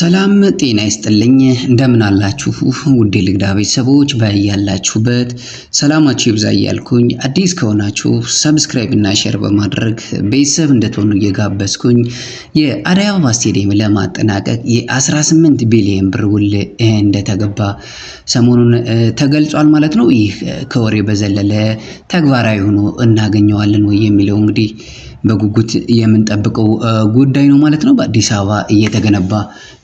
ሰላም ጤና ይስጥልኝ። እንደምን አላችሁ ውድ ልግዳ ቤተሰቦች፣ በያላችሁበት ሰላማችሁ ይብዛ እያልኩኝ አዲስ ከሆናችሁ ሰብስክራይብ እና ሼር በማድረግ ቤተሰብ እንደትሆኑ እየጋበዝኩኝ የአደይ አበባ ስቴዲየም ለማጠናቀቅ የ18 ቢሊዮን ብር ውል እንደተገባ ሰሞኑን ተገልጿል ማለት ነው። ይህ ከወሬ በዘለለ ተግባራዊ ሆኖ እናገኘዋለን ወይ የሚለው እንግዲህ በጉጉት የምንጠብቀው ጉዳይ ነው ማለት ነው። በአዲስ አበባ እየተገነባ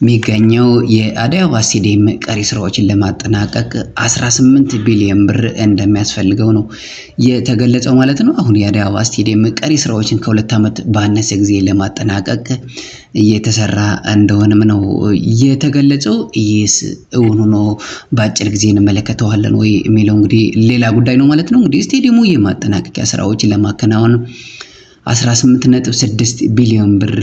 የሚገኘው የአደይ አበባ ስቴዲየም ቀሪ ስራዎችን ለማጠናቀቅ 18 ቢሊዮን ብር እንደሚያስፈልገው ነው የተገለጸው ማለት ነው። አሁን የአደይ አበባ ስቴዲየም ቀሪ ስራዎችን ከሁለት ዓመት ባነሰ ጊዜ ለማጠናቀቅ እየተሰራ እንደሆነም ነው የተገለጸው። ይህስ እውን ሆኖ በአጭር ጊዜ እንመለከተዋለን ወይ የሚለው እንግዲህ ሌላ ጉዳይ ነው ማለት ነው። እንግዲህ ስቴዲየሙ የማጠናቀቂያ ስራዎችን ለማከናወን 18.6 ቢሊዮን ብር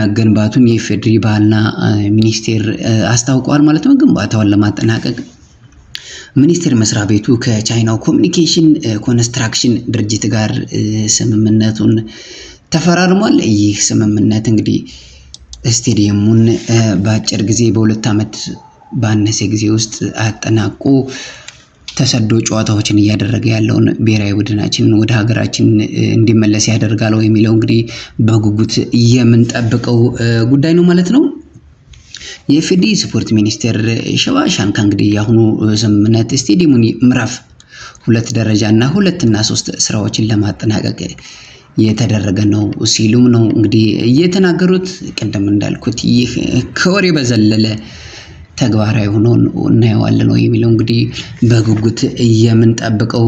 መገንባቱን የኢፌዴሪ ባህልና ሚኒስቴር አስታውቀዋል ማለት ነው። ግንባታውን ለማጠናቀቅ ሚኒስቴር መስሪያ ቤቱ ከቻይናው ኮሚኒኬሽን ኮንስትራክሽን ድርጅት ጋር ስምምነቱን ተፈራርሟል። ይህ ስምምነት እንግዲህ ስቴዲየሙን በአጭር ጊዜ በሁለት ዓመት ባነሰ ጊዜ ውስጥ አጠናቆ ተሰዶ ጨዋታዎችን እያደረገ ያለውን ብሔራዊ ቡድናችን ወደ ሀገራችን እንዲመለስ ያደርጋል የሚለው እንግዲህ በጉጉት የምንጠብቀው ጉዳይ ነው ማለት ነው። የኢፌዴሪ ስፖርት ሚኒስቴር ሸዋ ከእንግዲህ የአሁኑ ስምምነት ስቴዲየሙን ምዕራፍ ሁለት ደረጃ እና ሁለት እና ሶስት ስራዎችን ለማጠናቀቅ የተደረገ ነው ሲሉም ነው እንግዲህ እየተናገሩት። ቅድም እንዳልኩት ይህ ከወሬ በዘለለ ተግባራዊ ሆኖ እናየዋለን ወይ የሚለው እንግዲህ በጉጉት የምንጠብቀው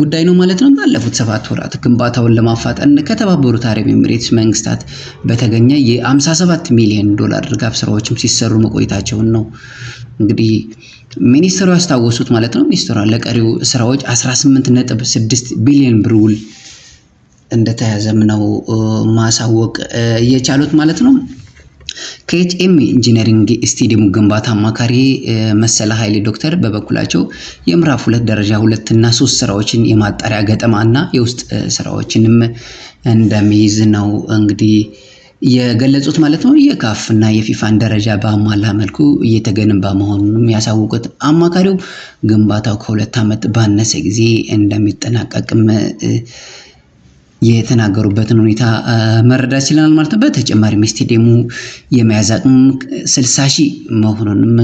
ጉዳይ ነው ማለት ነው። ባለፉት ሰባት ወራት ግንባታውን ለማፋጠን ከተባበሩት አረብ ኤሚሬትስ መንግስታት በተገኘ የ57 ሚሊዮን ዶላር ድጋፍ ስራዎችም ሲሰሩ መቆየታቸውን ነው እንግዲህ ሚኒስትሩ ያስታወሱት ማለት ነው። ሚኒስትሯ ለቀሪው ስራዎች 18.6 ቢሊዮን ብር ውል እንደተያዘም ነው ማሳወቅ የቻሉት ማለት ነው። ከኤችኤም ኢንጂነሪንግ ስቴዲየሙ ግንባታ አማካሪ መሰለ ኃይሌ ዶክተር በበኩላቸው የምዕራፍ ሁለት ደረጃ ሁለት እና ሶስት ስራዎችን የማጣሪያ ገጠማ እና የውስጥ ስራዎችንም እንደሚይዝ ነው እንግዲህ የገለጹት ማለት ነው። የካፍ እና የፊፋን ደረጃ በአሟላ መልኩ እየተገነባ መሆኑንም ያሳውቁት አማካሪው ግንባታው ከሁለት ዓመት ባነሰ ጊዜ እንደሚጠናቀቅም የተናገሩበትን ሁኔታ መረዳት ችለናል ማለት ነው። በተጨማሪም ስቴዲየሙ የመያዝ አቅም ስልሳ ሺህ መሆኑንም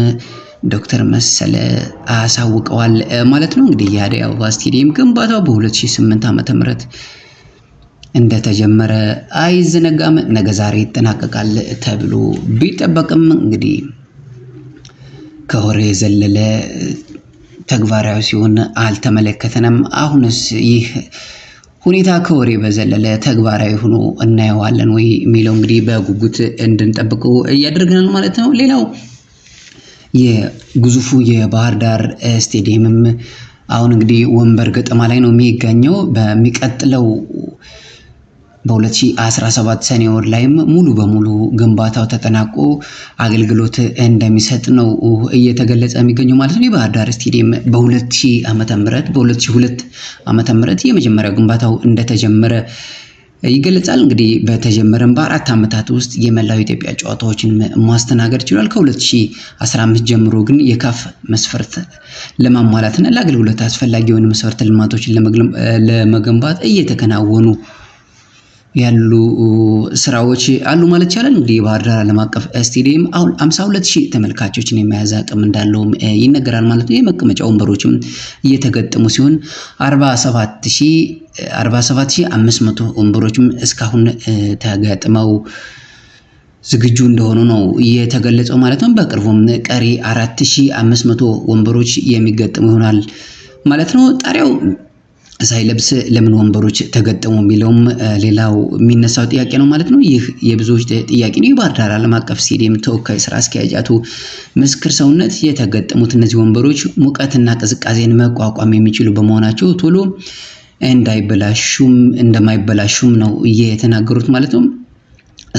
ዶክተር መሰለ አሳውቀዋል ማለት ነው። እንግዲህ የአደይ አበባ ስቴዲየም ግንባታው በ2008 ዓመተ ምህረት እንደተጀመረ አይዘነጋም። ነገ ዛሬ ይጠናቀቃል ተብሎ ቢጠበቅም እንግዲህ ከወሬ የዘለለ ተግባራዊ ሲሆን አልተመለከተንም። አሁንስ ይህ ሁኔታ ከወሬ በዘለለ ተግባራዊ ሆኖ እናየዋለን ወይ የሚለው እንግዲህ በጉጉት እንድንጠብቀው እያደረግናል ማለት ነው። ሌላው የግዙፉ የባህር ዳር ስቴዲየምም አሁን እንግዲህ ወንበር ገጠማ ላይ ነው የሚገኘው። በሚቀጥለው በ2017 ሰኔ ወር ላይም ሙሉ በሙሉ ግንባታው ተጠናቆ አገልግሎት እንደሚሰጥ ነው እየተገለጸ የሚገኘው ማለት ነው። የባህር ዳር ስቴዲየም በ2000 ዓመተ ምህረት በ2002 ዓመተ ምህረት የመጀመሪያው ግንባታው እንደተጀመረ ይገለጻል። እንግዲህ በተጀመረም በአራት ዓመታት ውስጥ የመላው ኢትዮጵያ ጨዋታዎችን ማስተናገድ ችሏል። ከ2015 ጀምሮ ግን የካፍ መስፈርት ለማሟላትና ለአገልግሎት አስፈላጊ የሆነ መስፈርት ልማቶችን ለመገንባት እየተከናወኑ ያሉ ስራዎች አሉ ማለት ይቻላል። እንግዲህ የባህር ዳር ዓለም አቀፍ ስቴዲየም አሁን 52 ሺህ ተመልካቾችን የመያዝ አቅም እንዳለውም ይነገራል ማለት ነው። የመቀመጫ ወንበሮችም እየተገጠሙ ሲሆን 47 ሺህ 47500 ወንበሮችም እስካሁን ተገጥመው ዝግጁ እንደሆኑ ነው የተገለጸው ማለት ነው። በቅርቡም ቀሪ 4500 ወንበሮች የሚገጥሙ ይሆናል ማለት ነው ጣሪያው ሳይለብስ ለምን ወንበሮች ተገጠሙ የሚለውም ሌላው የሚነሳው ጥያቄ ነው ማለት ነው። ይህ የብዙዎች ጥያቄ ነው። የባህር ዳር ዓለም አቀፍ ስቴዲየም ተወካይ ስራ አስኪያጅ አቶ ምስክር ሰውነት የተገጠሙት እነዚህ ወንበሮች ሙቀትና ቅዝቃዜን መቋቋም የሚችሉ በመሆናቸው ቶሎ እንዳይበላሹም እንደማይበላሹም ነው የተናገሩት ማለት ነው።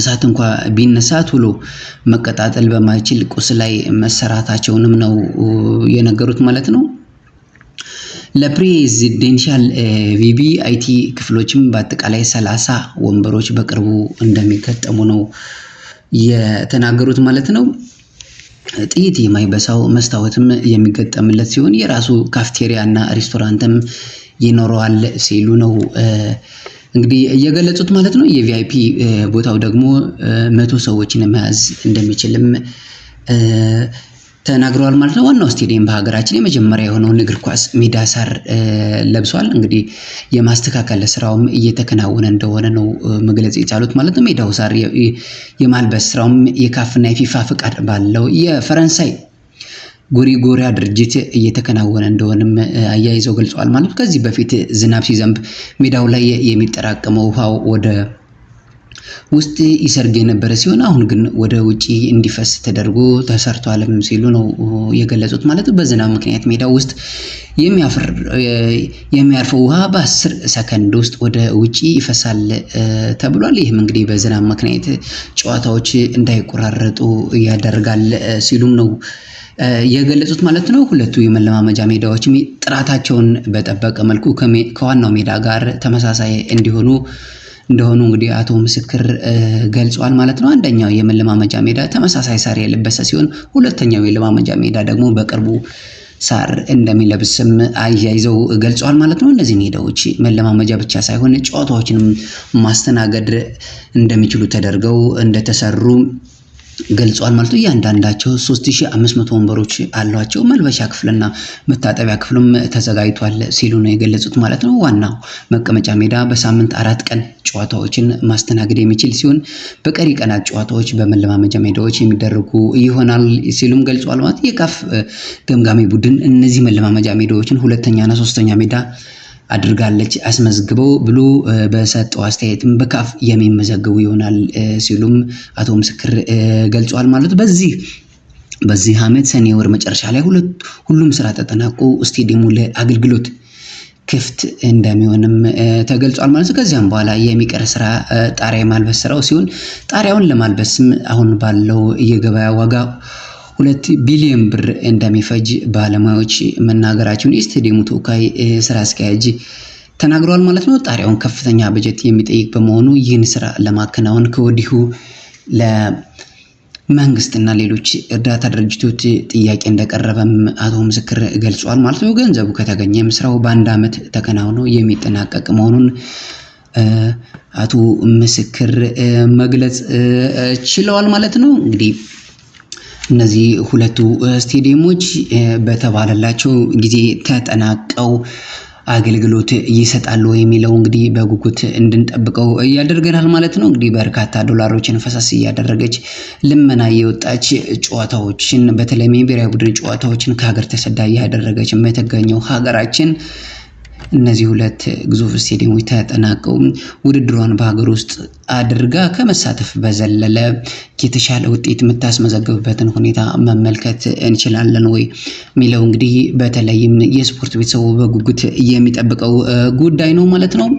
እሳት እንኳ ቢነሳ ቶሎ መቀጣጠል በማይችል ቁስ ላይ መሰራታቸውንም ነው የነገሩት ማለት ነው። ለፕሬዚደንሻል አይቲ ክፍሎችም በአጠቃላይ ሰላሳ ወንበሮች በቅርቡ እንደሚገጠሙ ነው የተናገሩት ማለት ነው። ጥይት የማይበሳው መስታወትም የሚገጠምለት ሲሆን የራሱ ካፍቴሪያ እና ሬስቶራንትም ይኖረዋል ሲሉ ነው እንግዲህ እየገለጹት ማለት ነው። የቪአይፒ ቦታው ደግሞ መቶ ሰዎችን መያዝ እንደሚችልም ተናግረዋል ማለት ነው። ዋናው ስቴዲየም በሀገራችን የመጀመሪያ የሆነውን እግር ኳስ ሜዳ ሳር ለብሷል። እንግዲህ የማስተካከል ስራውም እየተከናወነ እንደሆነ ነው መግለጽ የቻሉት ማለት ነው። ሜዳው ሳር የማልበስ ስራውም የካፍና የፊፋ ፍቃድ ባለው የፈረንሳይ ጎሪጎሪያ ድርጅት እየተከናወነ እንደሆነም አያይዘው ገልጸዋል ማለት ነው። ከዚህ በፊት ዝናብ ሲዘንብ ሜዳው ላይ የሚጠራቀመው ውሃው ወደ ውስጥ ይሰርግ የነበረ ሲሆን አሁን ግን ወደ ውጪ እንዲፈስ ተደርጎ ተሰርቷልም ሲሉ ነው የገለጹት። ማለት በዝናብ ምክንያት ሜዳ ውስጥ የሚያርፈው ውሃ በአስር ሰከንድ ውስጥ ወደ ውጪ ይፈሳል ተብሏል። ይህም እንግዲህ በዝናብ ምክንያት ጨዋታዎች እንዳይቆራረጡ ያደርጋል ሲሉም ነው የገለጹት ማለት ነው። ሁለቱ የመለማመጃ ሜዳዎችም ጥራታቸውን በጠበቀ መልኩ ከዋናው ሜዳ ጋር ተመሳሳይ እንዲሆኑ እንደሆኑ እንግዲህ አቶ ምስክር ገልጿል ማለት ነው። አንደኛው የመለማመጃ ሜዳ ተመሳሳይ ሳር የለበሰ ሲሆን ሁለተኛው የመለማመጃ ሜዳ ደግሞ በቅርቡ ሳር እንደሚለብስም አያይዘው ገልጸዋል ማለት ነው። እነዚህ ሜዳዎች መለማመጃ ብቻ ሳይሆን ጨዋታዎችንም ማስተናገድ እንደሚችሉ ተደርገው እንደተሰሩ ገልጿል ማለት ነው። እያንዳንዳቸው 3500 ወንበሮች አሏቸው። መልበሻ ክፍልና መታጠቢያ ክፍልም ተዘጋጅቷል ሲሉ ነው የገለጹት ማለት ነው። ዋናው መቀመጫ ሜዳ በሳምንት አራት ቀን ጨዋታዎችን ማስተናገድ የሚችል ሲሆን በቀሪ ቀናት ጨዋታዎች በመለማመጃ ሜዳዎች የሚደረጉ ይሆናል ሲሉም ገልጿል ማለት የካፍ ገምጋሚ ቡድን እነዚህ መለማመጃ ሜዳዎችን ሁለተኛና ሶስተኛ ሜዳ አድርጋለች አስመዝግበው ብሎ በሰጠው አስተያየትም በካፍ የሚመዘግቡ ይሆናል ሲሉም አቶ ምስክር ገልጿል። ማለት በዚህ በዚህ ዓመት ሰኔ ወር መጨረሻ ላይ ሁሉም ስራ ተጠናቆ ስቴዲየሙ ለአገልግሎት ክፍት እንደሚሆንም ተገልጿል ማለት ከዚያም በኋላ የሚቀር ስራ ጣሪያ የማልበስ ስራው ሲሆን ጣሪያውን ለማልበስም አሁን ባለው የገበያ ዋጋ ሁለት ቢሊዮን ብር እንደሚፈጅ ባለሙያዎች መናገራቸውን የስቴዲየሙ ተወካይ ስራ አስኪያጅ ተናግረዋል ማለት ነው። ጣሪያውን ከፍተኛ በጀት የሚጠይቅ በመሆኑ ይህን ስራ ለማከናወን ከወዲሁ ለመንግስትና ሌሎች እርዳታ ድርጅቶች ጥያቄ እንደቀረበም አቶ ምስክር ገልጿል ማለት ነው። ገንዘቡ ከተገኘም ስራው በአንድ ዓመት ተከናውኖ የሚጠናቀቅ መሆኑን አቶ ምስክር መግለጽ ችለዋል ማለት ነው እንግዲህ እነዚህ ሁለቱ ስቴዲየሞች በተባለላቸው ጊዜ ተጠናቀው አገልግሎት ይሰጣሉ የሚለው እንግዲህ በጉጉት እንድንጠብቀው እያደርገናል ማለት ነው። እንግዲህ በርካታ ዶላሮችን ፈሰስ እያደረገች ልመና የወጣች ጨዋታዎችን በተለይም የብሔራዊ ቡድን ጨዋታዎችን ከሀገር ተሰዳ እያደረገች የምትገኘው ሀገራችን እነዚህ ሁለት ግዙፍ ስቴዲየሞች ተጠናቀው ውድድሯን በሀገር ውስጥ አድርጋ ከመሳተፍ በዘለለ የተሻለ ውጤት የምታስመዘግብበትን ሁኔታ መመልከት እንችላለን ወይ የሚለው እንግዲህ በተለይም የስፖርት ቤተሰቡ በጉጉት የሚጠብቀው ጉዳይ ነው ማለት ነው።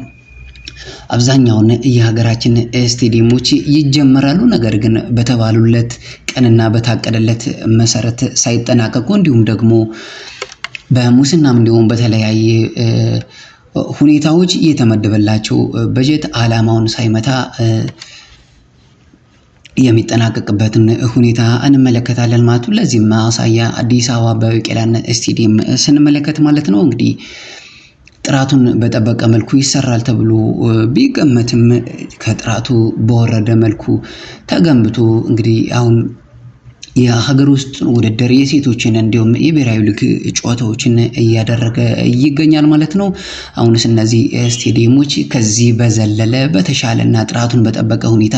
አብዛኛውን የሀገራችን ስቴዲየሞች ይጀመራሉ። ነገር ግን በተባሉለት ቀንና በታቀደለት መሰረት ሳይጠናቀቁ እንዲሁም ደግሞ በሙስናም እንዲሁም በተለያየ ሁኔታዎች እየተመደበላቸው በጀት ዓላማውን ሳይመታ የሚጠናቀቅበትን ሁኔታ እንመለከታለን ማለት ነው። ለዚህም ማሳያ አዲስ አበባ በቢቂላን ስቴዲየም ስንመለከት ማለት ነው እንግዲህ ጥራቱን በጠበቀ መልኩ ይሰራል ተብሎ ቢገመትም ከጥራቱ በወረደ መልኩ ተገንብቶ እንግዲህ አሁን የሀገር ውስጥ ውድድር የሴቶችን እንዲሁም የብሔራዊ ሊግ ጨዋታዎችን እያደረገ ይገኛል ማለት ነው። አሁንስ እነዚህ ስቴዲየሞች ከዚህ በዘለለ በተሻለና ጥራቱን በጠበቀ ሁኔታ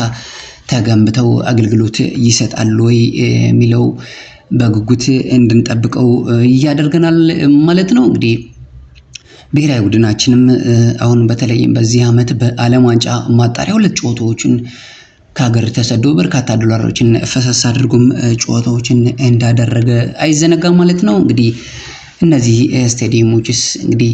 ተገንብተው አገልግሎት ይሰጣሉ ወይ የሚለው በጉጉት እንድንጠብቀው እያደርገናል ማለት ነው። እንግዲህ ብሔራዊ ቡድናችንም አሁን በተለይም በዚህ ዓመት በዓለም ዋንጫ ማጣሪያ ሁለት ጨዋታዎችን ከሀገር ተሰዶ በርካታ ዶላሮችን ፈሰስ አድርጎም ጨዋታዎችን እንዳደረገ አይዘነጋም ማለት ነው። እንግዲህ እነዚህ ስታዲየሞችስ እንግዲህ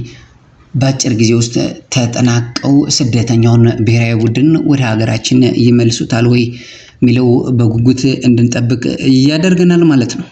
በአጭር ጊዜ ውስጥ ተጠናቀው ስደተኛውን ብሔራዊ ቡድን ወደ ሀገራችን ይመልሱታል ወይ የሚለው በጉጉት እንድንጠብቅ ያደርገናል ማለት ነው።